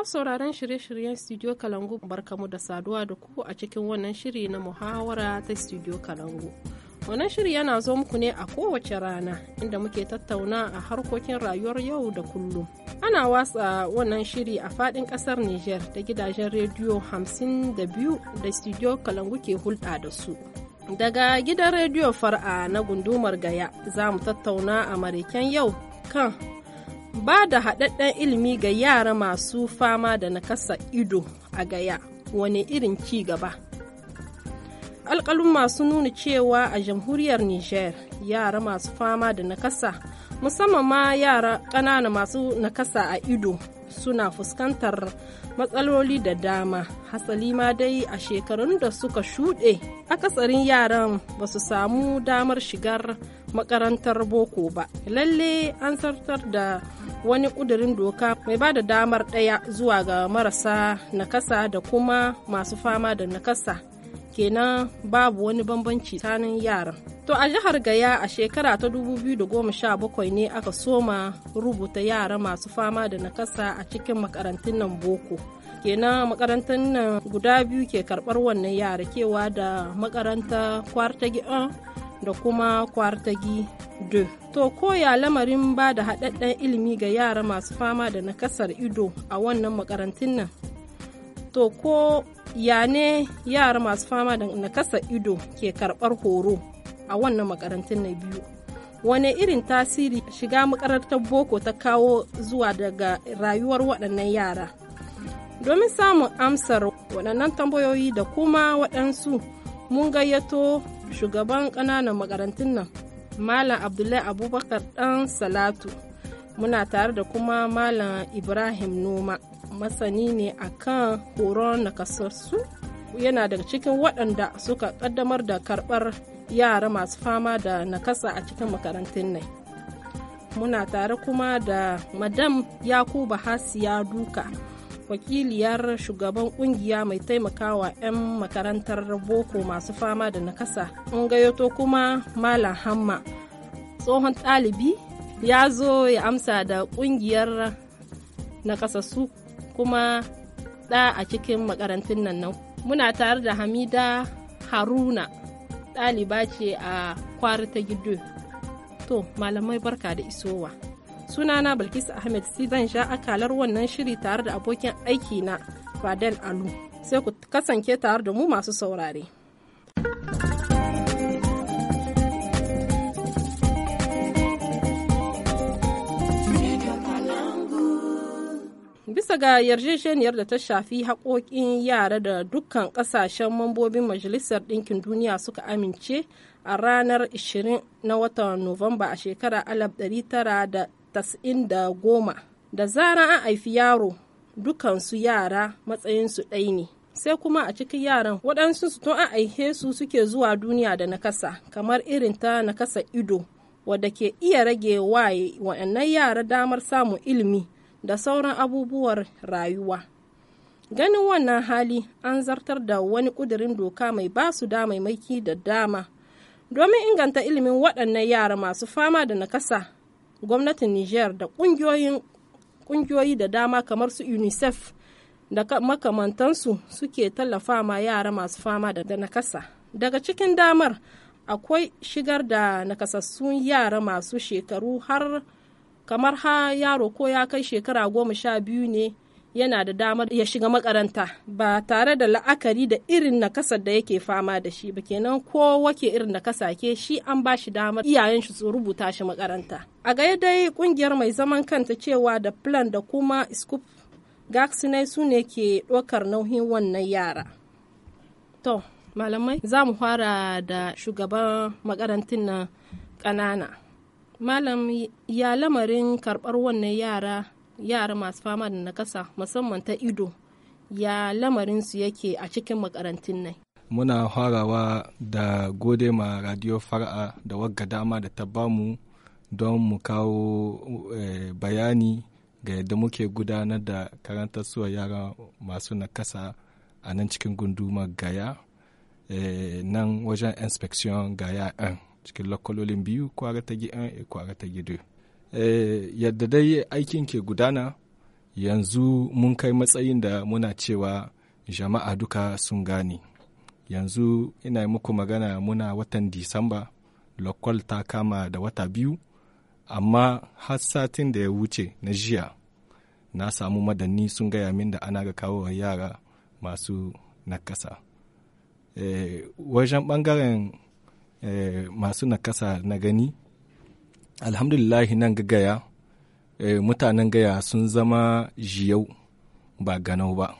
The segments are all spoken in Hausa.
Masu sauraron shirye-shiryen Studio Kalangu barkamu da saduwa da ku a cikin wannan shiri na muhawara ta Studio Kalangu. Wannan shiri yana zo muku ne a kowace rana inda muke tattauna a harkokin rayuwar yau da kullum. Ana watsa wannan shiri a fadin kasar niger da gidajen rediyo 52 da studio Kalangu ke hulɗa da su. Daga gidan rediyo far'a na gundumar Gaya za mu tattauna a mareken yau kan ba da haɗaɗɗen ilimi ga yara masu fama da nakasa ido a gaya wani irin ci gaba alƙalin masu nuna cewa a jamhuriyar niger yara masu fama da nakasa musamman ma yara ƙanana masu nakasa a ido suna fuskantar matsaloli da dama hasali ma dai a shekarun da suka shuɗe akasarin yaran ba su samu damar shigar makarantar boko ba lalle an sartar da wani ƙudurin doka mai ba da damar ɗaya zuwa ga marasa nakasa da kuma masu fama da nakasa kenan babu wani bambanci tsakanin yaran. To a jihar Gaya a shekara ta 2017 ne aka soma rubuta yara masu fama da nakasa a cikin makarantun nan boko. kenan makarantar nan guda biyu ke karɓar wannan yara kewa da makaranta kwartagi 1 da kuma kwartagi 2. To koya lamarin ba da haɗaɗɗen ilimi ga yara masu fama da nakasar ido a wannan makarantun nan to ko ya ne yara masu fama da nakasa ido ke karɓar horo a wannan makarantun na biyu wane irin tasiri shiga makarantar boko ta kawo zuwa daga rayuwar waɗannan yara domin samun amsar waɗannan tambayoyi da kuma waɗansu mun gayyato shugaban ƙananan makarantun nan malam abdullahi abubakar ɗan salatu muna tare da kuma malam ibrahim noma masani ne akan horon nakasassu yana daga cikin waɗanda suka ƙaddamar da karɓar yara masu fama da nakasa a cikin makarantun nan muna tare kuma da madam yakuba hasiya duka wakiliyar shugaban kungiya mai taimakawa 'yan makarantar boko masu fama da nakasa mun gayyato kuma malam hamma tsohon ɗalibi ya zo ya amsa da ƙungiyar kasassu kuma ɗa a cikin makarantun nan nan muna tare da hamida haruna ɗaliba ce a kwari ta gido to malamai barka da isowa sunana bilkis ahmed si zan sha akalar wannan shiri tare da abokin aiki na fadel alu sai ku kasance tare da mu masu saurare bisa ga yarjejeniyar da ta shafi haƙoƙin yara da dukkan ƙasashen mambobin majalisar ɗinkin duniya suka amince a ranar 20 na watan nuwamba a shekarar 1990 da goma da zara an haifi yaro dukansu yara matsayinsu ɗai ne sai kuma a cikin yaran waɗansu su tun an aihe su suke zuwa duniya da nakasa kamar irin ta nakasa ido wadda ke iya rage waye waɗannan yara damar samun ilimi da sauran abubuwan rayuwa ganin wannan hali an zartar da wani ƙudurin doka mai basu damaimaki da dama domin inganta ilimin waɗannan yara masu fama da nakasa gwamnatin niger da ƙungiyoyi da dama kamar su unicef da makamantansu suke tallafa ma yara masu fama da nakasa daga cikin damar akwai shigar da nakasassun yara masu shekaru har kamar ha yaro ko ya kai shekara goma sha biyu ne yana da damar ya shiga makaranta ba tare da la'akari da irin nakasar da yake fama da shi ba kenan ko wake irin nakasa ke shi an ba shi damar iyayen shi su rubuta shi makaranta a gaya dai kungiyar mai zaman kanta cewa da plan da kuma scoop gaxinai su ne ke ɗaukar nauyin wannan yara to malamai za mu fara da shugaban makarantun na ƙanana malam ya lamarin karɓar wannan yara yara masu fama da nakasa musamman ta ido ya lamarin su yake a cikin makarantun nan muna farawa da gode ma radio fara'a da wagga dama da ta mu don mu kawo eh, bayani ga yadda muke gudanar da karantar suwa yara masu nakasa a nan cikin gunduma gaya eh, nan wajen inspection gaya cikin lokalolin biyu kwara ta gi'an e kwara ta gido eh, yadda dai aikin ke gudana yanzu mun kai matsayin da muna cewa jama'a duka sun gane yanzu ina muku magana muna watan disamba lokal ta kama da wata biyu amma har satin da ya wuce na jiya na samu madanni sun gaya min da ana ga kawo yara masu nakasa e, wajen ɓangaren Eh, masu nakasa na gani alhamdulillahi nan ga gaya eh, mutanen gaya sun zama jiyau ba ganau ba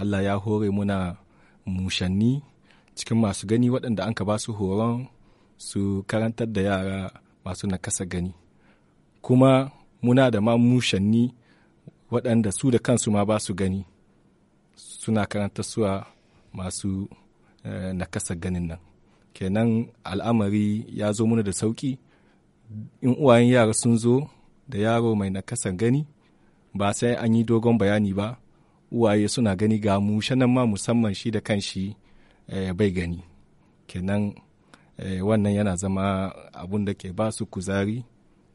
allah ya hore muna mushanni cikin masu gani waɗanda an ka ba su horon su karantar da yara masu nakasa gani kuma muna da ma mushanni waɗanda su da kansu ma ba su gani suna karantar suwa masu eh, nakasa ganin nan kenan al'amari ya zo muna da sauki in uwayen yara sun zo da yaro mai nakasan gani ba sai an yi dogon bayani ba uwaye suna gani ga mushanan ma musamman shi da kanshi eh, bai gani kenan eh, wannan yana zama abun da ke ba su kuzari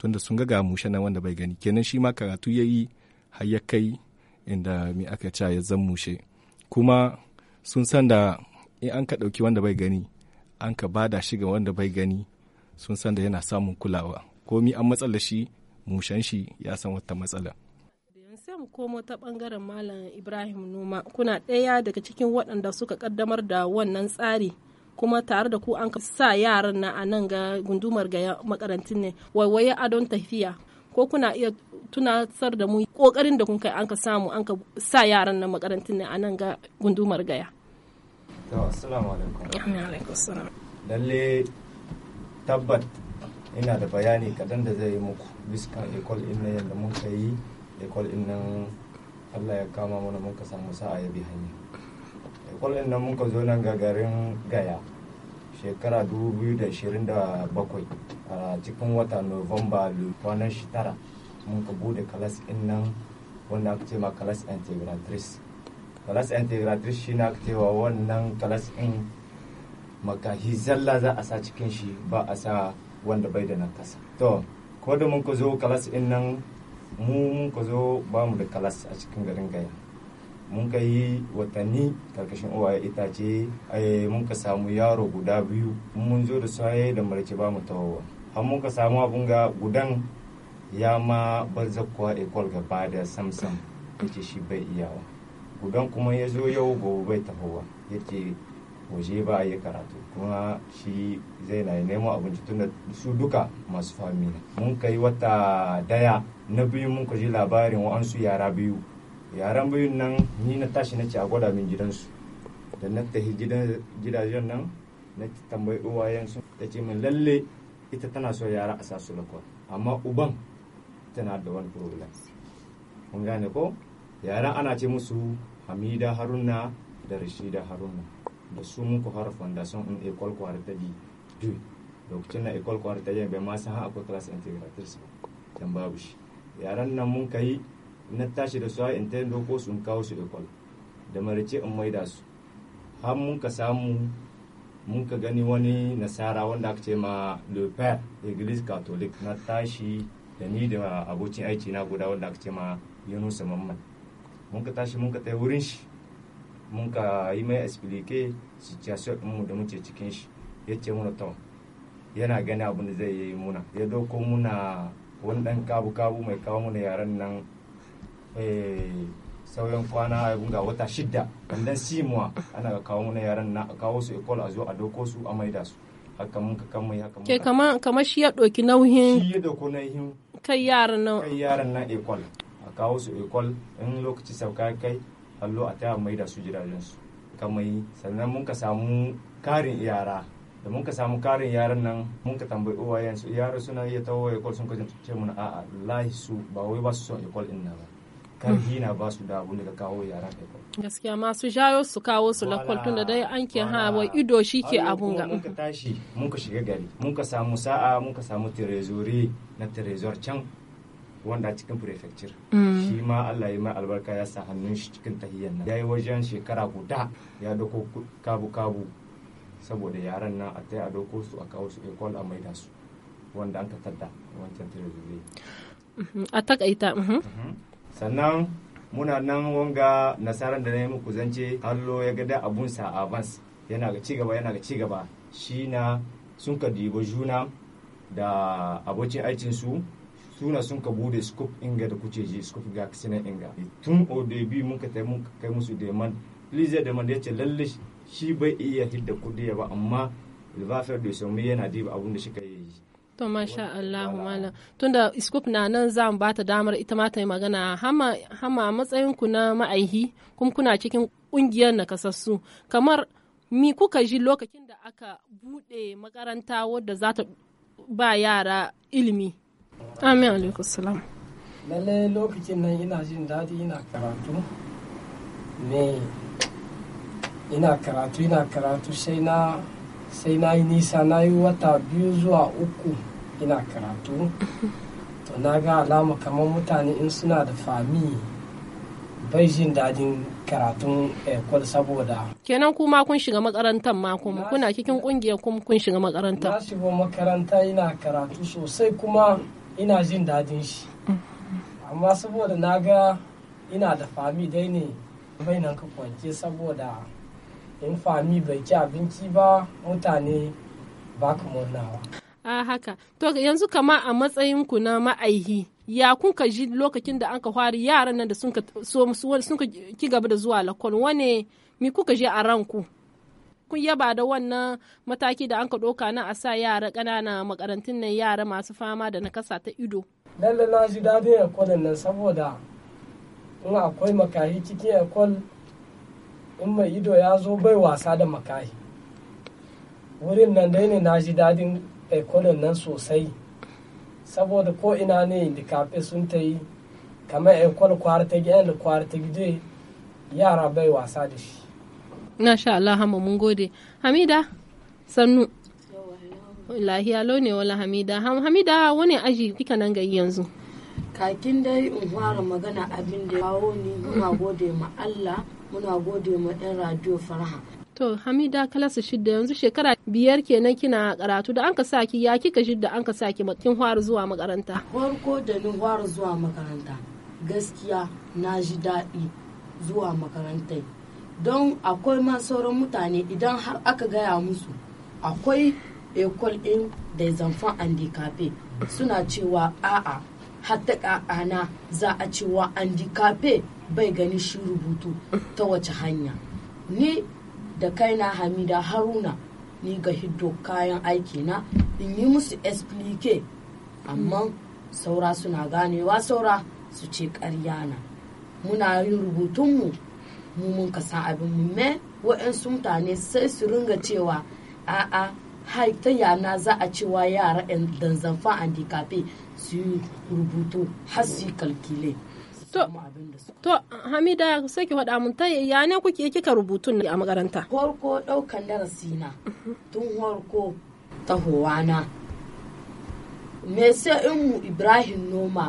tunda sun ga ga mu wanda bai gani kenan shi ma karatu ya yi har ya inda mi aka ca ya zan mushe kuma sun san da in an ka ɗauki wanda bai gani an ka bada shi ga wanda bai gani sun san da yana samun kulawa komi an matsala shi mushan shi ya san wata matsala sam komo ta bangaren malam ibrahim noma kuna ɗaya daga cikin waɗanda suka kaddamar da wannan tsari kuma tare da ku an sa yaran na a nan ga gundumar ga makarantun ne waiwaye adon tafiya ko kuna iya tunatar da mu kokarin da kun kai an ka samu an ka sa yaran na makarantun ne a nan ga gundumar gaya assalamu alaikum. alaikum salam. Lalle tabbat ina da bayani kadan da zai yi muku biskan ekol ɗin yadda mun ka yi ekol ɗin Allah ya kama mana mun ka samu sa'a ya bi hanyar. Ekol ɗin mun ka zo nan garin gaya shekara 2027 a cikin wata Nuwamba kwanan shi tara mun ka bude kalas ɗin nan wanda aka ce ma kalas integratrice. kalas integratrice shi na cewa wannan kalas in makahi zalla za a sa cikin shi ba a sa wanda bai da nakasa to ko da mun ka zo kalas in nan mu mun ka zo ba mu da kalas a cikin garin gaya mun ka yi watanni karkashin uwaye itace eh, mun ka samu yaro guda biyu mun zo da saye da marke ba mu tawowa har mun ka samu abun ga gudan ya ma bar zakkuwa ekol gaba da samsam yace shi bai iyawa gugan kuma ya zo yau gobe bai tahowa ya ce waje ba ya karatu kuma shi zai na nemo abinci tunda su duka masu fami ne mun kai wata daya na biyu mun ji labarin wa'ansu yara biyu yaran biyu nan ni na tashi na ce a gwada min gidansu da na tafi gidajen nan na tambayi uwayen su ta ce min lalle ita tana so yara a sa su amma uban tana da wani problem kun ko yaran ana ce musu hamida haruna da rashida haruna da su muku fara fondation in école dui da lokacin na ta yi bai ma san akwai class integrator su dan babu shi yaran nan mun kai na tashi da su a intendo ko sun kawo su école da marice in maida su har mun ka samu mun ka gani wani nasara wanda aka ce ma le père église catholique na tashi da ni da abokin aiki na guda wanda aka ce ma yunusa mamman mun ka tashi mun ka tai wurin shi mun ka yi mai explique situation mu da muke cikin shi ya ce muna to yana gani abin da zai yi muna ya doko muna wani dan kabu kabu mai kawo muna yaren nan eh, sauyan kwana ya eh, bunga wata shidda wannan simuwa ana kawo muna yaren na a kawo su ecole a zo a doko su a maida su haka mun ka kan mai haka ke kamar kamar shi ya doki nauyin shi ya nauyin kai yaran nan kai yaran nan ecole kawo su ekol in lokaci sauka kai allo a taya mai da su gidajensu kamai sannan mun ka samu karin yara da mun ka samu karin yaran nan mun ka tambayi uwayen su yara suna iya tawo ekol sun kaje ce mun a'a lahi su ba wai ba su son ekol din na ba karfi na ba su da abun da kawo yaran ekol gaskiya masu jayo su kawo su kwal tun da dai an ke hawa ido shi ke abun ga mun ka tashi mun ka shiga gari mun ka samu sa'a mun ka samu tirezori na tirezor can wanda cikin prefecture mm. shi ma Allah ya mai albarka ya sa hannun shi cikin tahiyyar nan yayi wajen shekara guda ya doko kabu kabu saboda yaran nan a tai a doko su a kawo su ecole a maida su wanda an da wancan tirezure mm-hmm. a takaita mm-hmm. Mm-hmm. sannan muna nan wanga nasarar da na yi muku zance hallo ya gada abun sa avance yana ga cigaba yana ga cigaba shi na sun ka diba juna da abokin aikinsu tuna sun ka bude scope inga da kuce ji scope ga kisina inga tun o odebi mun ka tai mun kai musu demand please ya eh, demand yace lalle shi bai iya hidda kudi ya ba amma ilvafar da samu yana diba abun da shi ka yi to masha Allah malam tunda scope na nan za mu bata damar ita ma ta yi magana hama hama matsayin ku na ma'aihi kuma kuna cikin kungiyar nakasassu kamar mi kuka ji lokacin da aka bude makaranta wadda za ta ba yara ilimi amin alaikun salam lalle lokacin nan ina jin daɗi ina karatu ne ina karatu ina karatu sai na sai na yi nisa na yi wata biyu zuwa uku ina karatu to na ga alama kamar mutane in suna da fami bai jin daɗin karatun ekol saboda kenan kuma kun shiga makarantar ma kuma kuna cikin kungiyar kun shiga makaranta na shiga makaranta ina karatu sosai kuma ina jin dadin shi amma saboda na ga ina da fami dai ne bai nan ka kwanke saboda in fami bai ci abinci ba mutane ba ka murnawa a haka to yanzu kama a matsayin ku na ma'aihi ya kun ka ji lokacin da an ka hwari yaran nan da sun ka ki gaba da zuwa lakon wane mi kuka je a ranku kun yaba da wannan mataki da an ka doka na a sa yara ƙanana makarantun nan yara masu fama da nakasa ta ido. Lalle na ji daɗin ekol nan saboda in akwai makahi cikin ekol in mai ido ya zo bai wasa da makahi. Wurin nan dai ne na ji daɗin ekol nan sosai saboda ko ina ne kafe sun ta yi kamar ekol kwar ta gyan da yara bai wasa da shi. na sha Allah hama mun gode hamida sannu lahiya ne wala hamida hamida wani aji kika nan gayi yanzu kakin dai in fara magana abin da kawo ni muna gode ma Allah muna gode ma yan radio farha to hamida kalasa shidda yanzu shekara biyar kenan kina karatu da an ka saki ya kika shidda an ka saki kin fara zuwa makaranta farko da ni fara zuwa makaranta gaskiya na ji daɗi zuwa makarantai don akwai man sauran mutane idan har aka gaya musu akwai ekol din da zamfan andikafe suna cewa a'a hatta ƙaƙana za a cewa andikafe bai gani shi rubutu ta wace hanya ni da kaina hamida haruna ni ga hiddo kayan aiki na in yi musu explique amma saura suna ganewa saura su ce ƙarya na muna yin rubutunmu mu mun ka san abin mu me waɗansu mutane sai su ringa cewa a'a hai ta yana za a cewa yara yan danzanfa dikafe su yi rubutu har su yi kalkile To, Hamida sai ki faɗa mun ta ya ne kuke kika rubutun a makaranta? Horko ɗaukan darasi na tun horko na Me sai mu Ibrahim Noma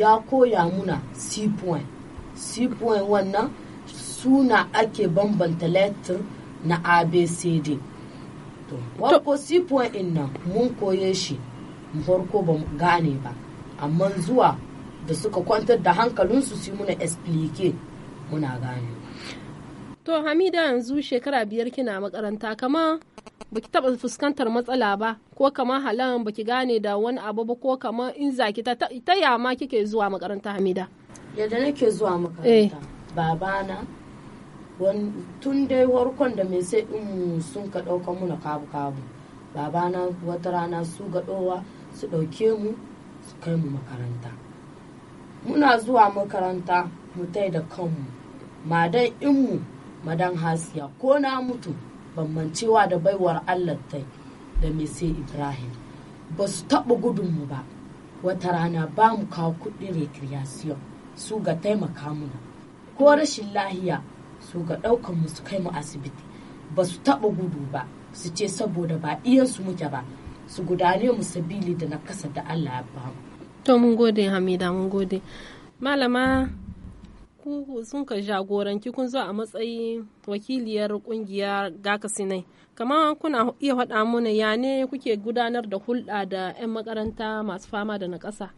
ya koya muna C point. C point wannan suna ake bambanta letter na abcd wako sifuwa inna mun koye shi farko ba gane ba amma zuwa da suka kwantar da hankalinsu su muna explique muna gane to hamida yanzu shekara biyar kina makaranta kama baki taba fuskantar matsala ba ko kama halan baki gane da wani abu ba ko kama in zaki ta ta yama kike zuwa makaranta hamida yadda nake zuwa makaranta eh. babana tun dai warkon da mai sai in sun ka mu na kabu kabu babana wata rana su ga ɗowa su ɗauke mu su kai mu makaranta muna zuwa makaranta mu tai da kanmu ma madan inmu madan hasiya ko na mutu bambancewa da baiwar allah tai da mai sai ibrahim ba su taɓa gudunmu ba wata rana ba mu kawo kuɗi recreation su ga taimaka muna ko rashin lahiya su ga ɗaukan mu su kai mu asibiti ba su taɓa gudu ba su ce saboda ba su muke ba su gudane mu sabili da na kasa da Allah ya ba to mun gode Hamida mun gode malama ku sun ka jagoranci kun zo a matsayin wakiliyar kungiyar gakasinai kama kuna iya faɗa mana ya ne kuke gudanar da hulɗa da 'yan makaranta masu fama da na ƙasa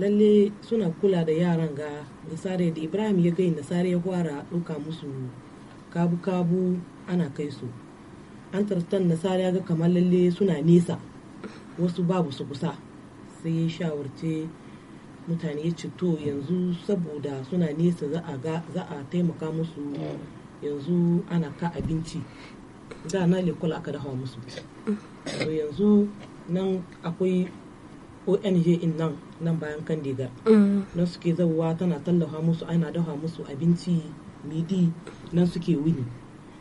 lalle suna kula da yaran ga nasare da ibrahim ya gai nasare ya fara ɗauka musu kabu-kabu ana kai su an tartan nasare ga kamar lalle suna nesa wasu babu su kusa sai ya shawarce mutane ya to yanzu saboda suna nesa za a taimaka musu yanzu ana ka abinci da na lekula aka dafa musu yanzu nan akwai ong in nan nan bayan kan mm. nan suke zauwa tana tallafa musu ana dafa musu abinci midi nan suke wuni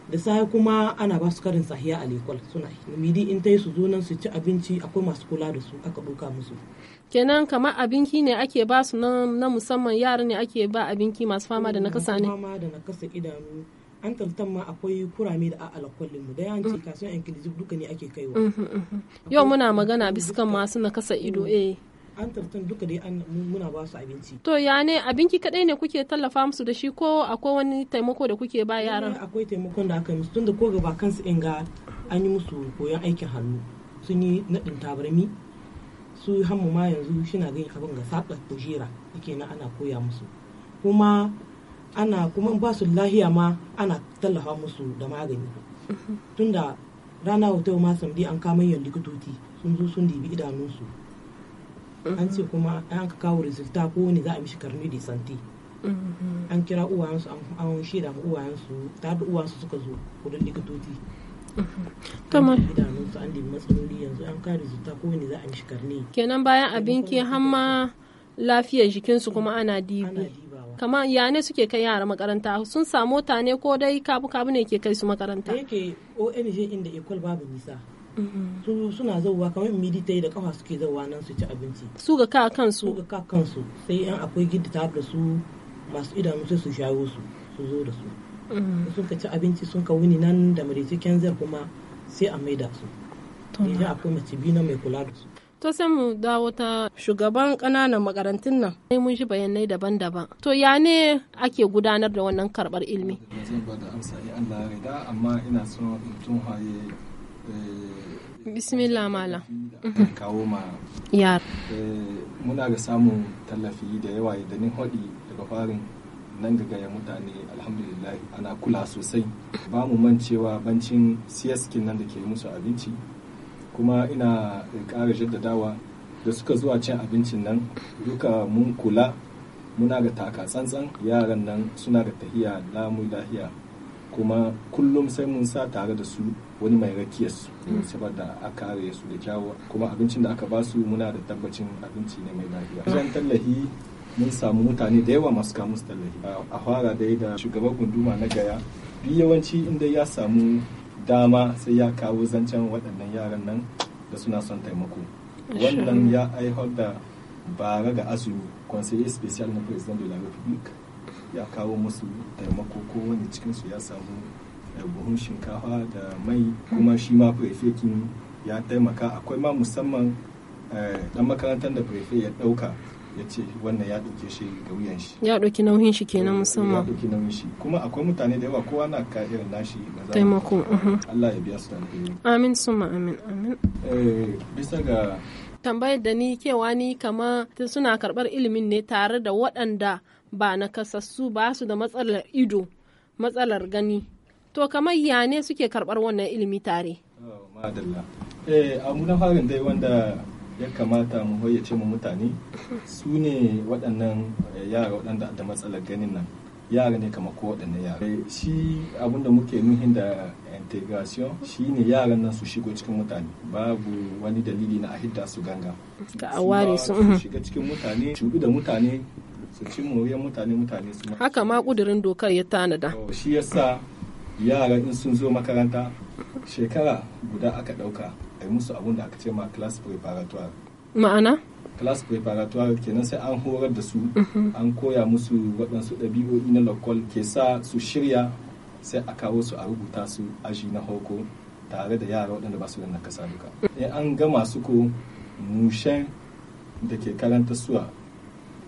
da safe kuma ana ba su karin sahiya a lekwal suna midi in ta yi su zo nan su ci abinci akwai masu kula da su aka ɗauka musu kenan kamar abinki ne ake ba su na musamman yara ne ake ba abinki masu fama da nakasa ne da nakasa idanu an tantan ma akwai kurame da a mu da ya ce mm. kasuwan inclusive duka ne ake kaiwa mm-hmm, mm-hmm. yau muna magana mm-hmm. biskan masu na kasa ido eh an tantan duka dai an muna ba su abinci to ya ne abinki kadai ne kuke tallafa musu da shi ko akwai wani taimako da kuke ba yaran akwai taimakon da aka yi musu tunda ko gaba kansu in ga an yi musu koyon aikin hannu sun yi naɗin tabarmi su hammu ma yanzu shina gani abin ga saɓa kujera yake na ana koya musu kuma ana kuma ba su lahiya ma ana tallafa musu da magani tunda rana wata ma bi an kama yin likitoci sun zo sun dibi idanunsu an ce kuma an ka kawo resulta ko ne za a mishi karni da santi an kira uwayensu an shida ma uwayensu ta da uwayensu suka zo kudin likitoci tamar idanunsu an dibi matsaloli yanzu an kawo resulta ko ne za a mishi karni kenan bayan abinki hamma lafiyar jikinsu kuma ana dibi kama ya ne suke kai yara makaranta sun samu ta ne ko dai kabu kabu ne ke kai su makaranta yake ONG inda ikwal babu nisa mm-hmm. su suna zauwa kamar midi ta yi da kafa suke zauwa nan su ci abinci su ga ka kansu su ga ka kansu sai yan akwai gidda tare da su masu idanu sai su shayo su su zo da su mm-hmm. sun ka ci abinci sun ka wuni nan da marece kuma sai a maida su yanzu akwai mace biyu na mai kula da su To sai mu dawo ta shugaban kananan makarantun nan. Sai mun shi bayanai daban-daban. To ya ne ake gudanar da wannan karɓar ilimi? bismillah mala kawo ma yar eh, muna ga samun tallafi da yawa da ni hodi daga farin nan ga gaya mutane alhamdulillah ana kula sosai ba mu mancewa bancin siyaskin nan da ke musu abinci kuma ina ƙara jaddadawa da suka zuwa cin abincin nan duka mun kula muna ga taka tsantsan yaran nan suna da tahiya lamu lahiya kuma kullum sai mun sa tare da su wani mai rakiyar su mm. saboda a kare su da jawo kuma abincin da aka ba su muna da tabbacin abinci ne mai lafiya wajen tallahi mun samu mutane da yawa masu kamus tallahi a fara dai da shugaban gunduma na gaya duk yawanci inda ya samu dama sai ya kawo zancen waɗannan yaran nan da suna son taimako wannan ya aihar da bara ga azumi conseiller special na president de la republique ya kawo musu taimako ko wani cikinsu ya samu eh, buhun shinkafa da mai kuma shi ma prefekin ya taimaka akwai ma musamman dan eh, makarantar da prefe ya ɗauka ya ce wannan ya ɗauke shi ga wuyan shi ya ɗauki nauyin shi kenan eh, musamman ya ɗauki nauyin shi kuma akwai mutane da yawa kowa na ka irin nashi na taimako uh-huh. Allah ya biya su da amin suma amin amin eh, bisa ga tambayar da ni kewa ni kama suna karɓar ilimin ne tare da waɗanda ba na kasassu ba su da matsalar ido matsalar gani to kamar ya ne suke karɓar wannan ilimi tare. Oh, madalla. Eh, abu farin dai wanda ya kamata mu hoyace mu mutane su ne waɗannan eh, yara waɗanda da matsalar ganin nan yara ne kama ko waɗanne yara eh, shi abinda muke nuhin da integration shi ne yaran nan su shigo cikin mutane babu wani dalili na ahidda su ganga ga aware su shiga cikin mutane shugu da mutane su ci moriyar mutane mutane su haka ma kudirin dokar ya tanada shi yasa yara in sun zo makaranta shekara guda aka ɗauka a yi musu abun da aka ce ma class preparatoire ma'ana class preparatoire kenan sai an horar da su mhm. an koya musu waɗansu ɗabi'o'i na lokal ke sa su shirya sai a kawo su a rubuta su aji na hoko tare da yara waɗanda ba su da nakasa duka in an gama su ko mushen da ke karanta suwa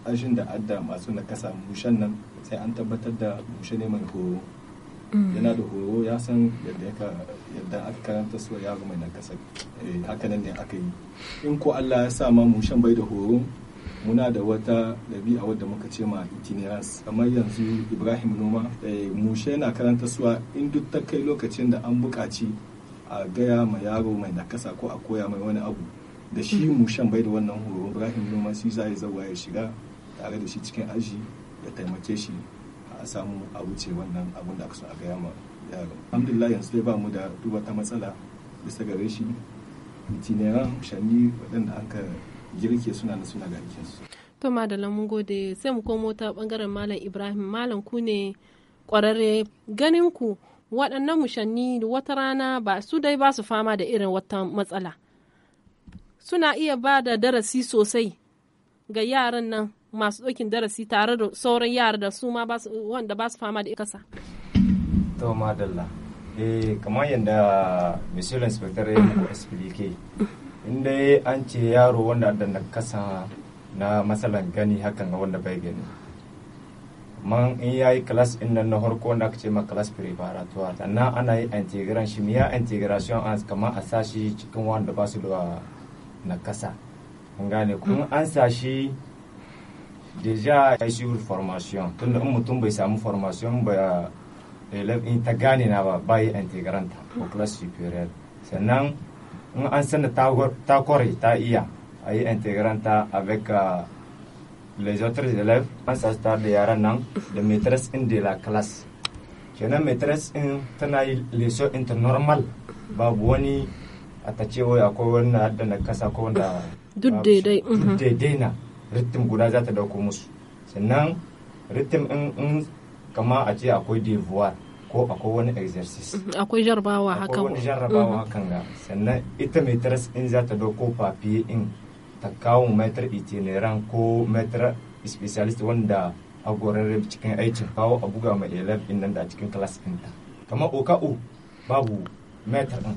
ajin da adda masu nakasa mushen nan sai an tabbatar da mushe ne mai horo mm. yana da horo ya san yadda ya yadda aka karanta su yaro mai nakasa eh, haka nan ne aka yi in ko Allah ya sa ma mu shan bai da horo muna da wata ɗabi'a wadda muka ce ma itinerans kamar yanzu ibrahim noma eh, mushe yana karanta suwa in duk ta kai lokacin da an buƙaci a gaya ma yaro mai nakasa ko a koya mai wani abu da shi mushen bai da wannan horo ibrahim noma shi za ya zauwa ya shiga tare da shi cikin aji da taimake shi a samu a wuce wannan abun da aka so a gaya ma yaro alhamdulillah yanzu dai ba mu da duba ta matsala bisa gare shi itineran shanni waɗanda aka girke suna da suna garkin su to madalla mun gode sai mu komo ta bangaren malam ibrahim malam ku ne kwararre ganin ku waɗannan mushanni wata rana ba su dai ba su fama da irin wata matsala suna iya ba da darasi sosai ga yaran nan masu ɗaukin darasi tare da sauran yara da su ma wanda ba su fama da ikasa to madalla eh kamar yadda monsieur inspector ya muku explique inda an ce yaro wanda da kasa na matsalan gani hakan ga wanda bai gani man in yayi class din nan na harko wanda aka ce ma class preparatoire sannan ana yi integration shi miya integration as kamar a sashi cikin wanda ba su da kasa. an gane kuma an sashi deja ya yi formation tunda in mutum bai samu formation ba Eh, in ta gane na ba bayi garanta ko class superior sannan in an sanda ta kore ta iya a yi integranta avec ah, les autres élèves an sa star da yaran nan da maîtresse in de la classe kenan maîtresse in tana yi leso inter normal babu wani a ta ce wai akwai wani da na kasa ko wanda duk daidai duk mhm. na ritm guda za ta dauko musu sannan ritm in kama a ce akwai devoir ko akwai wani exercice mhm, akwai jarabawa haka akwai wani jarrabawa mhm. hakan ga sannan ita mai taras in za ta dauko papiye in ta kawo maitar itineran ko maitar specialist wanda a gorare cikin aikin kawo a buga mai elef din nan da cikin class ta. kamar o babu maitar din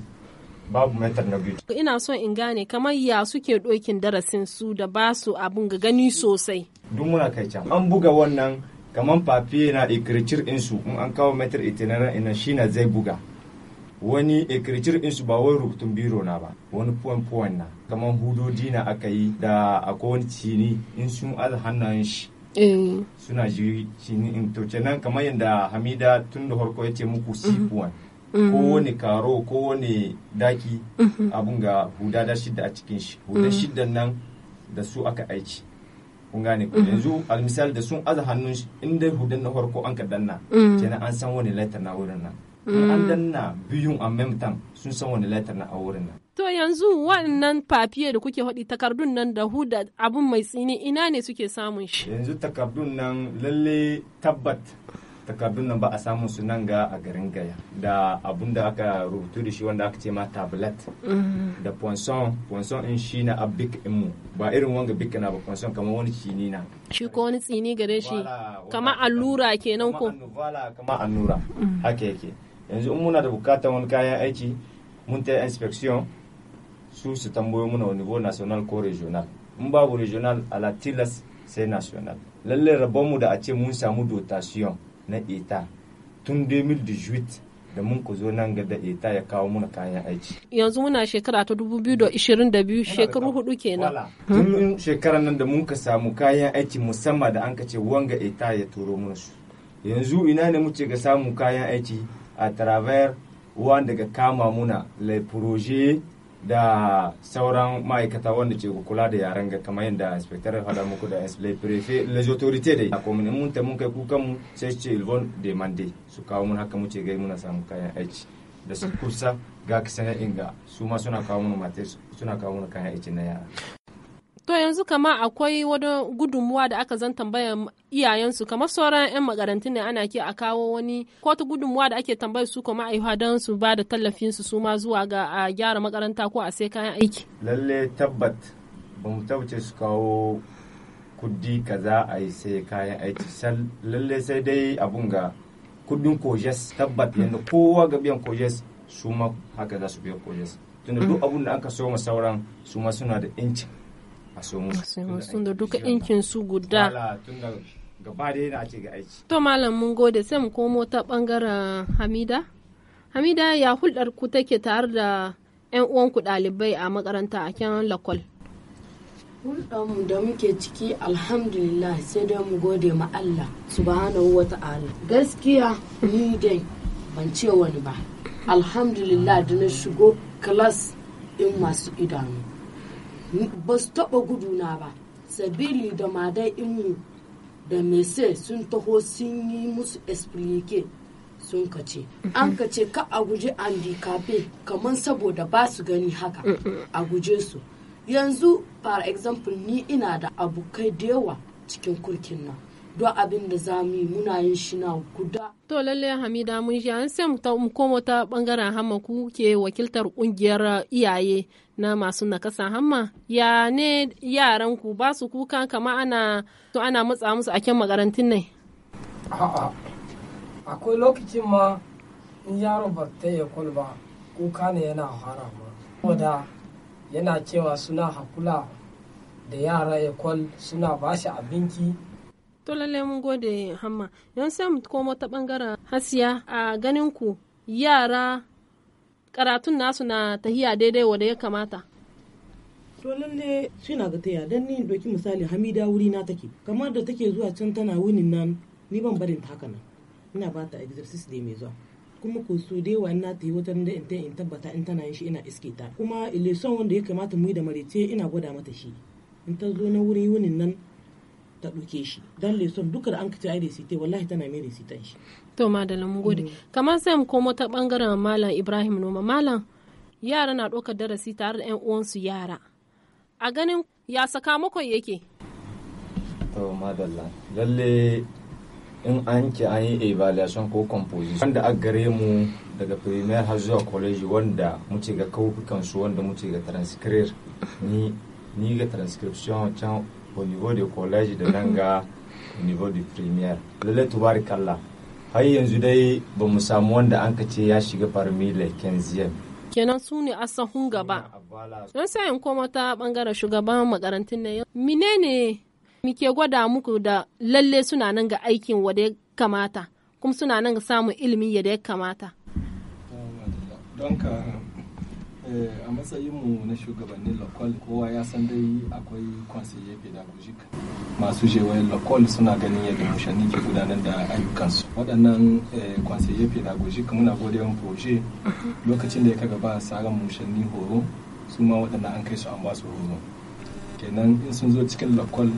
babu metar na biyu. Ina son in gane kamar ya suke dokin darasin su da basu abun ga gani sosai. Duk muna kai can. An buga wannan kamar papier na ekiricir insu in an kawo metar itinerar ina shi na zai buga wani ekiricir insu ba wani rubutun biro na ba wani puwan puwan na kamar hudodi na aka yi da akwai wani cini in sun aza hannayen shi eh. suna ji cini in to nan kamar yadda hamida tun da harko ya ce muku si mm-hmm. puwan mm-hmm. ko wani karo ko wani daki mm-hmm. abun ga huda da shidda a cikin shi huda shiddan nan da su aka aiki kun gane mhm. yanzu almisal da sun aza hannun shi in dai hudun na farko an ka danna mm. kenan an san wani letter na wurin nan an mm. danna biyun a memtan sun san wani letter na a wurin nan to yanzu wannan papiye da kuke haɗi takardun nan da huda abun mai tsini ina ne suke samun shi yanzu takardun nan lalle tabbat takardun nan ba a samun su nan ga a garin gaya da abun da aka rubutu da shi wanda aka ce ma tablet mm-hmm. da ponson ponson in shi na a bik mu ba irin wanga bik na ba ponson kamar wani cini na shi ko wani tsini gare shi kama allura kenan ko kama annura mm-hmm. haka yake yanzu in muna da bukatar wani kayan aiki mun ta inspection su su tambayo muna wani niveau national ko regional in babu regional a latilas sai national lallai rabonmu da a ce mun samu dotation na ita tun 2018 da mun ku zo nan ga da eta ya kawo muna kayan aiki yanzu muna shekara ta 2022 shekaru hudu kenan tun shekarar nan da mun ka samu kayan aiki musamman da an ka ce wanga ita ya turo muna su yanzu ina ne muke ga samu kayan aiki a travers wanda ga kama muna le projet da sauran ma'aikata wanda ke kula da yaren ga kamar yadda inspector hada muku da inspector prefet les autorités dai a mun ta mun kai kukan mu sai ce ilvon de mande su kawo mun haka muke gai muna samu kayan aiki da su kusa ga kisan inga su ma suna kawo mun matar suna kawo mun kayan aiki na yara To yanzu kama akwai wani gudunmuwa da aka zan tambaya iyayensu kamar sauran 'yan makarantun ne ana ke a kawo wani ko ta gudunmuwa da ake tambayar su kuma aihuwa don su ba da tallafin su su ma zuwa ga a gyara makaranta ko a sai kayan aiki. Lalle tabbat ba mu tabbace su kawo kudi kaza a yi sai kayan aiki lalle sai dai abun ga kudin kojes tabbat yadda kowa ga biyan kojes su ma haka za su biya kojes tunda duk mm. abun da aka so ma sauran su ma suna da incin musu sun da duka inkin su guda to malam mun gode sai mu komo ta bangaren hamida hamida ya hulɗar ku take tare da 'yan uwanku ɗalibai a makaranta a kyan lakol mu da muke ciki alhamdulillah sai dai mu gode ma Allah subhanahu wa ta'ala gaskiya ni dai ban ce wani ba alhamdulillah da na shigo kilas in masu idanu ba su taɓa guduna ba sabili da madai inmu da mese sun taho sun yi musu explique sun kace an kace ka a guje kafe kamar saboda ba su gani haka a guje su yanzu for example ni ina da abokai da yawa cikin kurkin nan don abin da za mu yi muna yin shi na guda. To lalle Hamida mun shi an sai mu komo ta bangaren hamma ku ke wakiltar kungiyar iyaye na masu nakasa hamma ya ne yaran ku ba su kuka kama ana to ana matsa musu a kan makarantun ne. A'a akwai lokacin ma in yaro ba ta yi ba kuka ne yana fara ma. Wada yana cewa suna hakula da yara ya suna ba shi abinci To lalle mun gode hamma. Don sai mu komo ta bangaren hasiya a ganin ku yara karatun nasu na tahiya daidai wadda ya kamata. To lalle suna ga taya don ni doki misali Hamida wuri na take. Kamar da take zuwa can tana wunin nan ni ban barin ta haka nan. Ina ba ta exercise dai mai zuwa. kuma ko su da yawa na ta yi wata da in in tabbata in tana yin shi ina iske ta kuma ileson wanda ya kamata mu yi da marece ina gwada mata shi in ta zo na wuri wunin nan ta ɗauke shi don leson duka da an ka ai resite wallahi tana mai resitan shi to madalla mun gode mm. kamar sai mu komo ta bangaren malam Ibrahim Noma malam yara na ɗaukar darasi tare da 'yan uwansu yara a ganin ya sakamakon yake to madalla lalle in an ke an yi evaluation ko composition wanda a gare mu daga primaire har zuwa college wanda muke ga kawukan su wanda muke ga transcript ni ni ga transcription can au niveau du collège da nanga au niveau du premier lalle tubarikallah har yanzu dai ba mu samu wanda an ce ya shiga 15e kenan su ne a gaba don sai in koma ta bangaren shugaban makarantun ne. menene muke gwada muku da lalle suna nan ga aikin wa ya kamata kuma suna nan ga samun ilimi yadda ya kamata don Eh, a matsayinmu na shugabannin lokal kowa ya san dai akwai kwansiye pedagogic masu jewayen lokal suna ganin yadda mushanni ke gudanar da ayyukansu waɗannan kwansiye eh, pedagogic muna gode wa proje lokacin da ya kaga ba tsarin mushanni horo su ma waɗanda an kai su an ba su horo kenan in sun zo cikin lokal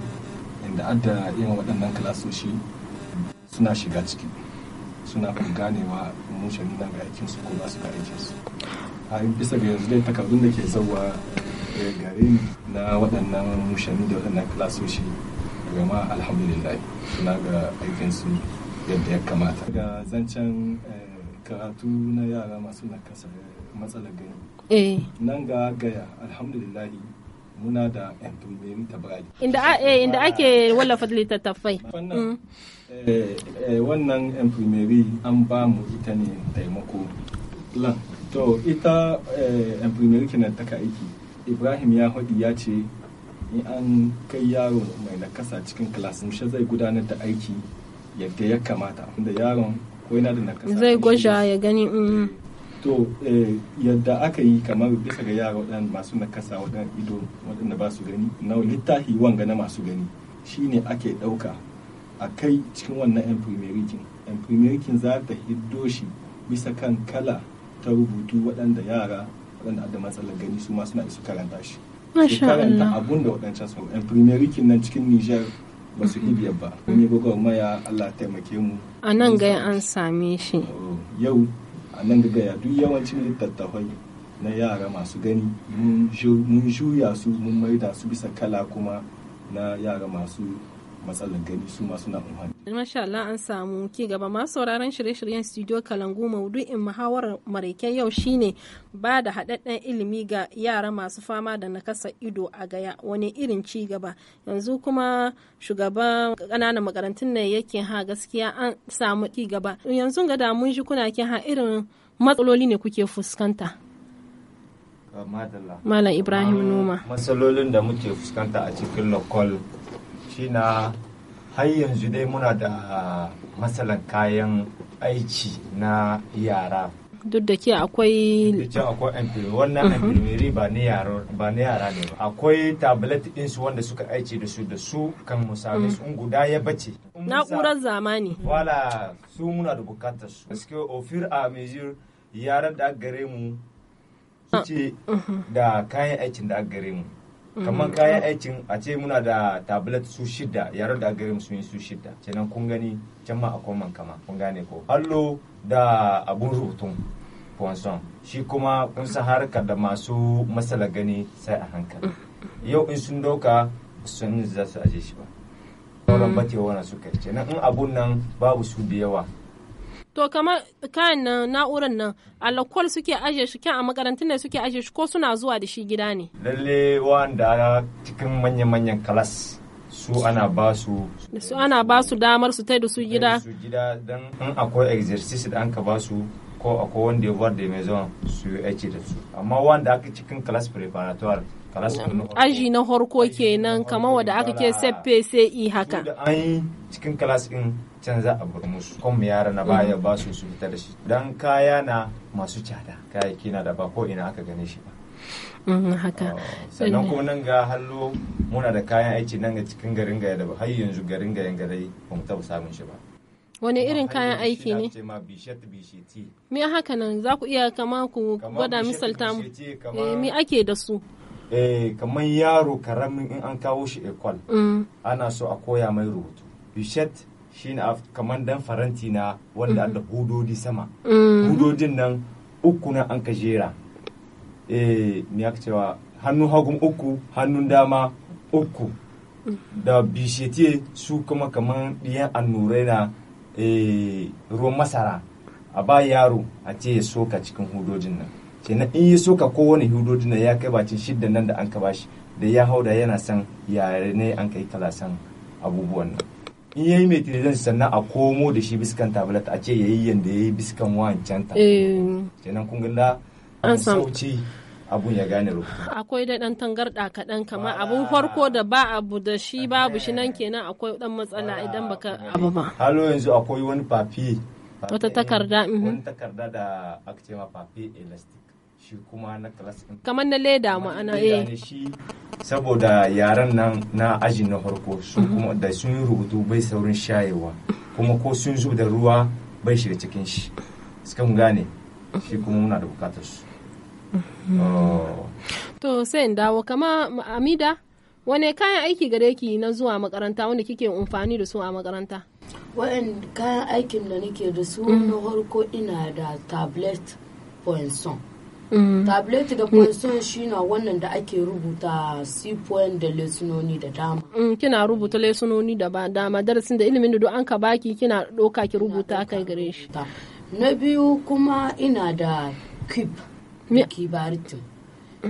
inda adda irin waɗannan kilasoshi suna shiga ciki suna ganewa mushanni na ga aikinsu ko ba su ga aikinsu a bisa ga yanzu dai takardun da ke zauwa eh, gare ni na waɗannan mushani da waɗannan klasoshi gama alhamdulillah suna ga aikinsu yadda ya kamata ga zancen eh, karatu na yara masu nakasa matsalar gani eh. nan ga gaya alhamdulillah muna da entumeri tabrali inda ake wallafa littattafai wannan mm. entumeri an ba mu ita ne taimako plan to ita embryonar eh, kenan ka aiki ibrahim ya haɗi ya ce in an kai yaro mai nakasa cikin klasin shi zai gudanar da aiki yadda ya kamata inda yaron ko yana da nakasa zai gwaja ya gani mm-hmm. eh, to eh, yadda aka yi kamar bisa ga yaro dan masu nakasa waɗanda ido waɗanda ba su gani na littafi wanga na masu gani shine ake ɗauka a kai cikin wannan yan primerikin yan za ta hiddo shi bisa kan kala ta rubutu waɗanda yara waɗanda da matsalar gani su ma suna isu karanta shi su karanta abun da waɗancan su yan primary nan cikin Nijar ba su ibiya ba Wani yi maya Allah taimake mu a nan ga an same shi oh, yau a nan ga ya duk yawancin littattafai na yara masu gani mun juya su mun maida su bisa kala kuma na yara masu matsalar gani su masu na umarni. Masha Allah an samu ki gaba ma sauraron shirye-shiryen studio Kalangu maudu'in muhawarar maraiken yau shine ba da haɗaɗɗen ilimi ga yara masu fama da nakasa ido a gaya wani irin ci gaba yanzu kuma shugaban ƙananan makarantun ne yake ha gaskiya an samu ki gaba yanzu ga damun shi kuna ke ha irin matsaloli ne kuke fuskanta. Malam Ibrahim Noma. Matsalolin da muke fuskanta a cikin lokal shi na har yanzu dai muna da matsalan kayan aiki na yara duk da ke akwai akwai amfiri wannan uh-huh. amfiri ba na yara ba na yara ne ba akwai tablet din su wanda suka aice da su da su kan musamman sun uh-huh. guda ya bace na'urar zamani wala su muna da bukatar su suke ofir a mejir yaran da gare mu ah, ce uh-huh. da kayan aikin da gare mu kamar mm-hmm. kayan aikin a ce muna da tablet su shida yaran da garin sun yi su shida kenan kun gani can ma akwai man kama kun gane ko allo da abun rubutun ponson shi kuma kun sa harkar da masu masala gani sai a hankali mm-hmm. yau in sun doka sun za su aje shi ba Wannan mm-hmm. batewa na suka kenan in abun nan babu su da yawa to kamar kayan nan na'urar nan alakwal suke ajiye shi kyan a makarantun ne suke ajiye shi ko suna zuwa da shi gida ne lalle wanda cikin manyan-manyan kalas su ana ba su su ana ba su damar su tai da su gida su gida dan in akwai exercise da an ka ba su ko akwai wanda ya bar da mai zuwa su yi aiki da su amma wanda aka cikin class preparatoire aji na horko kenan kamar wanda aka ke seppe sai haka an yi cikin class din can za a bar musu mu yara na baya ba su su fita da shi dan kaya na masu cada kayayyaki na da ba ko ina aka gane shi ba mm, haka ah, sannan kuma nan ga hallo muna da kayan aiki nan ga cikin garin gaya da ba har yanzu garin gayan ga dai ba mu taba samun shi ba wani irin kayan aiki ne me haka nan za ku iya kama ku gwada misalta mu eh, me ake da su eh kamar yaro karamin in an kawo shi ekwal mm. ana so a koya mai rubutu bishet shine kamar dan faranti na wanda mhm. da hudodi sama mm. hudodin nan uku na an ka jera eh cewa hannun hagun uku hannun dama uku da bishetiye su kuma kamar ɗiyan annurai na eh, ruwan masara a ba yaro a ce ya soka cikin hudodin nan kenan in ya soka kowane hudodin nan ya kai bacin shidda nan da an ka bashi da ya hau da yana san yare ne an kai talasan abubuwan nan in yayi mai zan sannan a komo da shi biskan tablet a ce yayi yanda yayi biskan wancan ta eh. kenan kun ga an sauci abun ya gane rubutu. Akwai da ɗan tangarɗa kaɗan kamar abun farko da ba abu da shi babu shi nan kenan akwai dan matsala idan baka abu ba. Halo yanzu akwai wani papi. Wata takarda. Mhm. Wani takarda da aka ce ma papi elastic. shi kuma na class din kamar na leda ma'ana eh saboda yaran nan na aji na farko su mhm. kuma da sun yi rubutu bai saurin shayewa kuma ko sun zuba da ruwa bai shiga cikin shi suka mu gane shi kuma muna da bukatar su mhm. oh. to sai in dawo kama amida wane kayan aiki gare ki na zuwa makaranta wanda kike amfani da su a makaranta wa'in kayan aikin da nake da su mhm. na farko ina da tablet point Mm. tablet da mm. kwanson shi na wannan da ake rubuta sifoyin da lesunoni da dama mm, kina rubuta lesunoni da ba dama darasin da ilimin da an ka baki kina doka ki rubuta kai gare shi na biyu kuma ina da kib kibaritin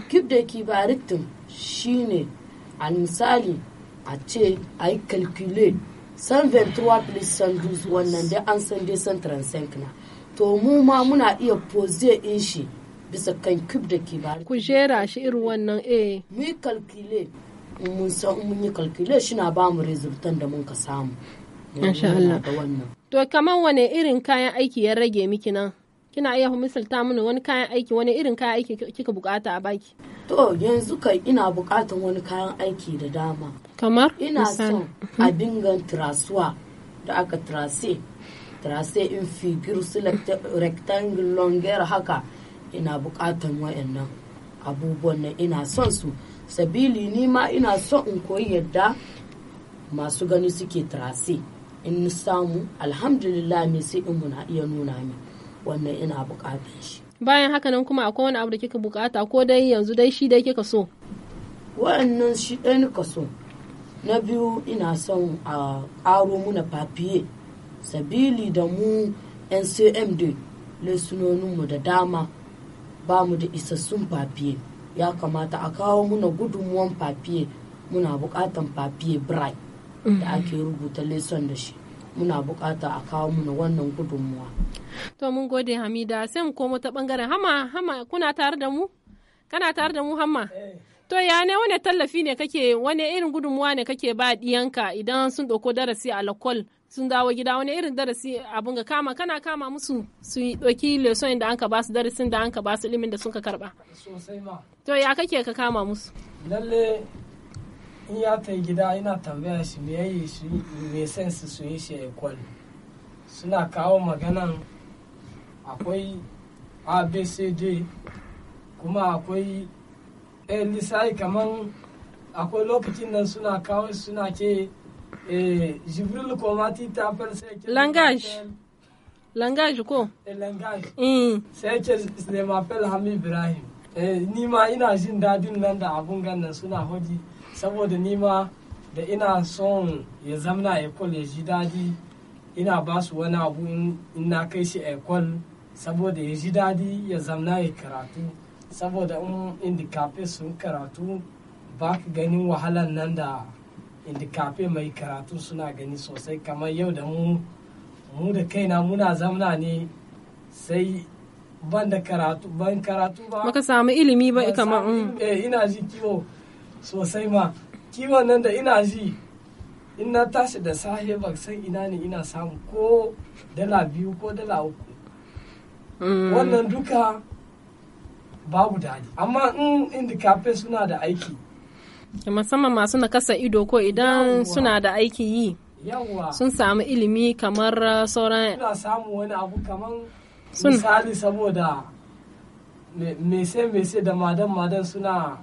kib da kibaritin shine a misali a ce a yi calculate ventura plus 112 wannan dai an san dai 135 na to mu ma muna iya pose in shi bisa kan kib da ke ba. Ku jera shi irin wannan eh. Mu yi kalkile mun san mun yi kalkile shi na ba mu resultan da mun ka samu. Masha Allah. To kamar wane irin kayan aiki ya rage miki nan? Kina iya misalta mana wani kayan aiki wani irin kayan aiki kika bukata a baki? To yanzu kai ina bukatan wani kayan aiki da dama. Kamar? Ina son a dingan trasuwa da aka trase. Trase in figure rectangle longer haka. ina bukatan wayannan abubuwan nan ina son su sabili ni ma ina son in koyi yadda masu gani suke trace in samu alhamdulillah me sai in muna iya nuna min wannan ina bukatan shi bayan haka nan kuma akwai wani abu da kika bukata ko dai yanzu dai shi dai kika so wa'annan shi ɗaya nika so na biyu ina son a karo muna papiye sabili da mu ncmd mu da dama ba mu da isassun fafiye ya kamata a kawo muna gudunmuwan fafiye muna bukatan fafiye birai mm. da ake rubuta lesson da shi muna bukata a kawo muna wannan gudunmuwa to mun gode hamida sai mu komo ta bangaren hama hama kuna tare da mu kana tare da mu hamma eh. to ya ne wani tallafi ne kake wani irin gudunmuwa ne kake ba diyanka idan sun doko darasi a lakol sun dawo gida wani irin darasi abun ga kama kana kama musu su ɗauki lesson da anka su darasin da anka su ilimin da suka karba sosai ma to ya kake ka kama musu lalle in ya ta gida ina tambaya shi me yayi shi me sense su yi shi ekol suna kawo maganan akwai abcd kuma akwai eh lisai kaman akwai lokacin nan suna kawo suna ke E, jibril comment tu t'appelles langage langage ko langage sai ke ne m'appelle ibrahim eh, ni ma ina jin dadin nan da abun gannan suna hoji saboda ni ma da ina son ya e zamna ekol ya e ji dadi ina ba su wani abu in na kai shi ekol saboda ya ji dadi ya zamna ya karatu saboda in um, indikafe sun karatu ba ganin wahalan nan da indikafe mai karatu suna gani sosai kamar yau da mu mu da kaina muna zamna ne sai ban da karatu ban karatu ba baka samu ilimi ba kamar mm. eh ina ji kiwo sosai ma kiwon nan da ina ji in na tashi da safe ba san ina ne ina samu ko dala biyu ko dala uku mm. wannan duka babu daɗi amma in indikafe suna da aiki musamman masu nakasa ido ko idan suna da aiki yi sun samu ilimi kamar sauran suna samu wani abu kamar misali saboda mese-mese da madan-madan suna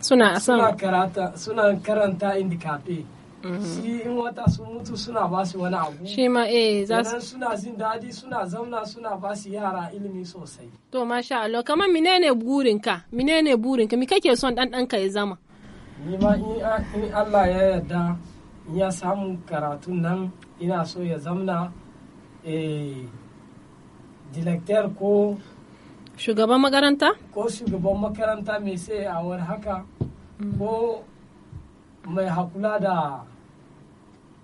suna karanta suna karanta indikafe mm-hmm. shi in wata sun mutu suna ba su wani abu shi ma eh za su suna jin daɗi suna zauna suna ba su yara ilimi sosai to masha Allah kamar menene burinka menene burinka me kake son dan ɗanka ya zama ni ma in allah ya yarda in ya samu karatu nan ina so ya zamna eh, dilektar ko shugaban makaranta ko shugaban makaranta mai sai a wani haka hmm. ko mai hakula da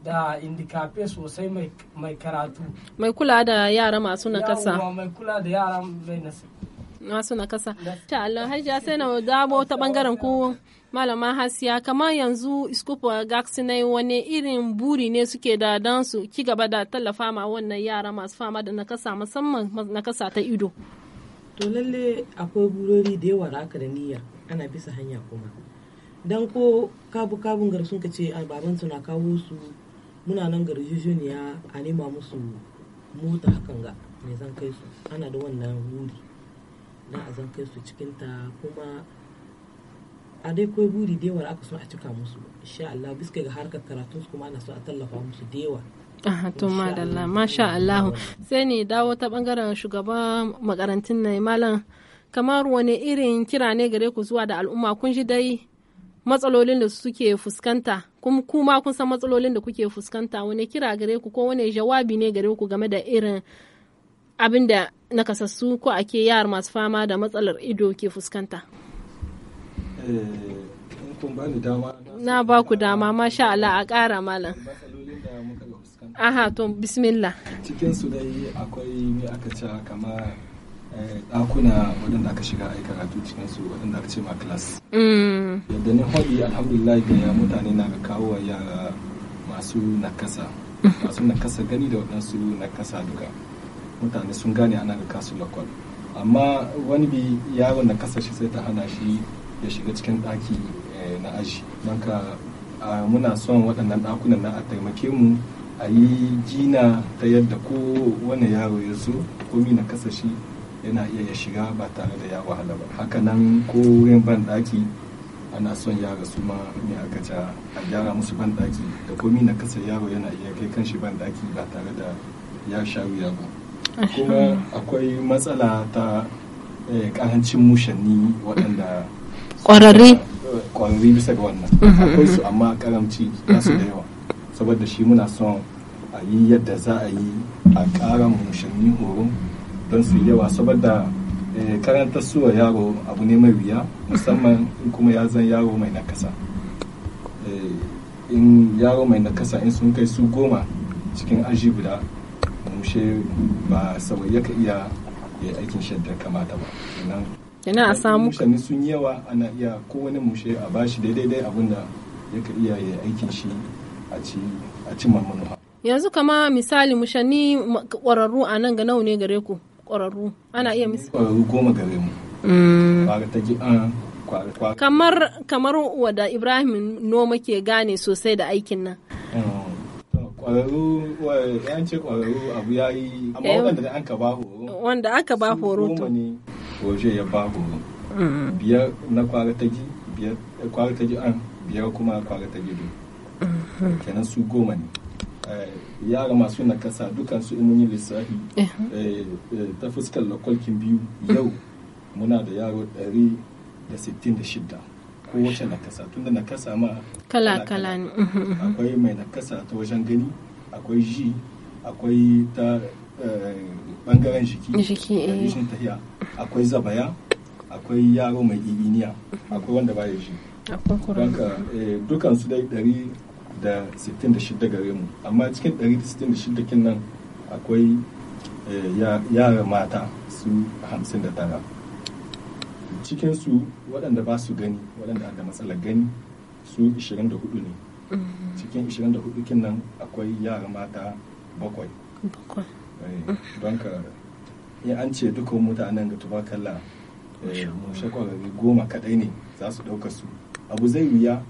da indikafe sosai mai karatu mai kula da yara masu nakasa mai kula da yara mai masu kasa. ta Allah hajiya sai na dabo ta bangaren ku malama hasiya kamar yanzu iskupa gaxinai wani irin buri ne suke da don su ki gaba da tallafa ma wannan yara masu fama da nakasa musamman nakasa ta ido to lalle akwai burori da yawa da aka da niyya ana bisa hanya kuma dan ko kabu kabun garsun ka ce baban na kawo su muna nan garjejeniya a nema musu mota hakan ga mai zan kai su ana da wannan wuri za a zan kai su cikin ta kuma a dai kawai buri da yawa aka so a cika musu insha Allah bisa ga harkar karatun su kuma ana so a tallafa musu da yawa Aha, to madalla masha Allah sai ne dawo ta bangaren shugaba makarantun ne malam kamar wani irin kira ne gare ku zuwa da al'umma kun ji dai matsalolin da suke fuskanta kuma kuma kun san matsalolin da kuke fuskanta wani kira gare ku ko wani jawabi ne gare ku game da irin abin da nakasassu ko ake yar masu fama da matsalar ido ke fuskanta eh, na ba ku dama masha Allah a ƙara malam aha to bismillah cikin su dai akwai me aka ce kama eh, ɗakuna waɗanda aka shiga a karatu cikin su waɗanda aka ce ma class. Mm. Yadda ni hobi alhamdulillah ga mutane na ga kawo wa yara masu nakasa, masu nakasa gani da waɗansu nakasa duka. mutane sun gane ana ga kasu lakwal amma wani bi yaron na kasashe sai ta hana shi ya shiga cikin ɗaki eh, na aji don ka muna son waɗannan ɗakunan na a taimake mu a yi jina ta yadda ko wani yaro ya zo komi na kasashe yana iya ya shiga ba tare da ya wahala ba Haka nan ko wurin ban ɗaki ana son yara su ma ne a gaja a gyara musu ban ɗaki da komi na kasa yaro yana iya kai kanshi ban ɗaki ba tare da ya sha wuya ba kuma akwai matsala ta karancin eh, mushanni waɗanda ƙwararri ƙwararri bisa ga wannan mhm, mhm, akwai su mhm. amma karamci nasu da yawa saboda shi muna son a yi yadda za a yi a ƙara mushanni horo don su yawa saboda eh, karantar suwa yaro abu ne mai wuya musamman kuma ya zan yaro mai nakasa eh, in yaro mai nakasa in sun kai su goma cikin aji guda yaushe ba sama ya iya ya aikin shadda kamata ba kenan yana a samu mushani sun yawa ana iya kowane mushe a bashi daidai dai abin da yaka iya ya aikin shi a ci a ci manufa yanzu kama misali mushani kwararru a nan ga nawa ne gare ku kwararru ana iya misali kwararru goma gare mu mm. ah, kamar kamar wada ibrahim noma ke gane sosai da aikin nan eh. yan ce ƙwararru abu ya yi amma eh, da aka ba horo wanda aka ba horo to ne proje ya ba horo mm-hmm. biyar na kwarataji biyar kwarataji an biyar kuma kwarataji do mm-hmm. kenan su goma ne eh, yara masu nakasa dukansu in yi lissafi eh. ta fuskar lakwalkin biyu yau muna da yaro 166 kowace wacce nakasa tunda nakasa ma kala kala ne akwai mai nakasa ta wajen gani akwai ji akwai ta bangaren eh, jiki jiki eh. tahiya akwai zabaya akwai yaro mai iniya akwai wanda baya ji eh, dukansu dai dari da 66 gare mu amma cikin 166 kin nan akwai yara mata su 59 su waɗanda ba su gani waɗanda da matsalar gani su 24 ne mm-hmm. cikin 24 kin nan akwai yara mata bakwai eh, don ka in an ce dukkan mutanen ga tubakalla eh, mushe kwararri goma kadai ne za su ɗauka su abu zai wuya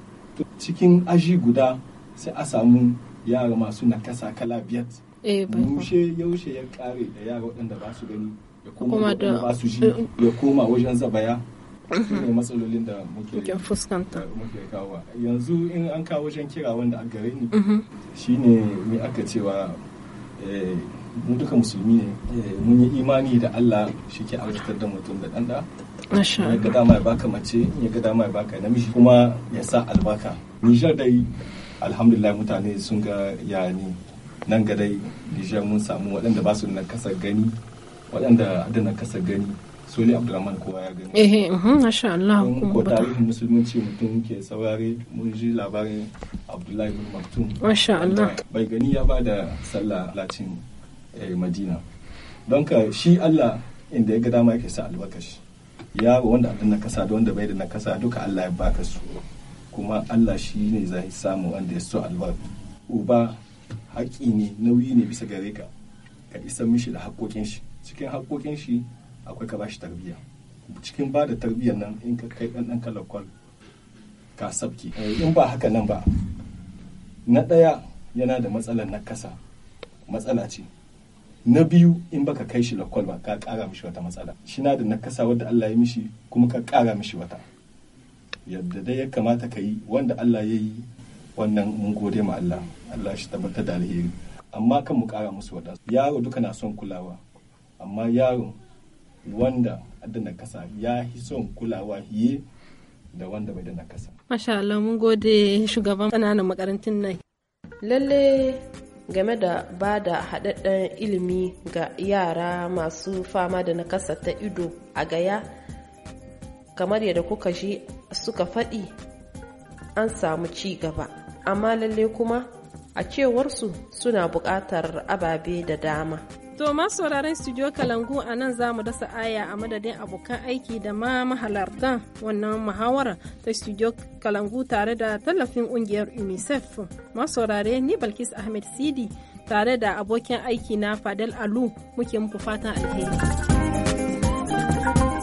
cikin aji guda sai a samu yara masu nakasa kala biyat mushe eh, yaushe ya kare da yara waɗanda ba su gani ya koma da ya koma wajen zabaya mhm. ne matsalolin da muke fuskanta yanzu in an kawo wajen kira wanda a gare ni mhm. shine me aka cewa eh, mu duka musulmi ne eh, mun yi imani da Allah shi ke arzitar da mutum da ɗanɗa ya ga dama ya baka mace ya ga dama ya baka namiji kuma ya sa albaka Nijar dai alhamdulillah mutane sun ga yani nan ga dai Nijar mun samu waɗanda ba su nan kasar gani waɗanda adana kasa gani soli abdulrahman kowa ya gani ehe mhm, masha Allah kuma ko tarihin musulunci mutum ke saurare mun ji labarin abdullahi bin maktum masha Allah bai gani ya ba da sallah lacin eh, madina don ka shi Allah inda ya ga dama yake sa albarkashi yaro wanda adana kasa da wanda bai da kasa duka Allah ya baka su kuma Allah shi ne zai samu wanda ya so albarka uba haƙi ne nauyi ne bisa gare ka ka isa mishi da haƙoƙin shi cikin haƙoƙin shi akwai ka bashi tarbiyya cikin ba da tarbiyyar nan in ka kai ɗan kalakwal ka sabki eh, in ba haka nan ba na ɗaya yana da matsalar kasa matsala ce na biyu in baka kai shi lakwal ba ka ƙara mishi wata matsala shi na da nakasa wadda Allah ya mishi kuma ka ƙara mishi wata yadda dai ya kamata ka yi wanda Allah ya yi wannan mun gode ma Allah Allah shi tabbata da alheri amma kan mu ƙara musu wata yaro duka na son kulawa amma yaro wanda da nakasa ya fi son kulawa fiye da wanda bai da nakasa. Masha Allah mun gode shugaban ƙananan makarantun nan. Lalle game da ba da haɗaɗɗen ilimi ga yara masu fama da nakasa ta ido a gaya kamar yadda kuka shi suka faɗi an samu ci gaba amma lalle kuma a cewarsu suna buƙatar ababe da dama. To ma sauraron studio Kalangu a nan za mu dasa aya a madadin abokan aiki da ma mahalartan wannan muhawara ta studio Kalangu tare da tallafin ƙungiyar UNICEF. Ma saurare ni Balkis Ahmed Sidi tare da abokin aiki na Fadel Alu muke muku fatan alheri.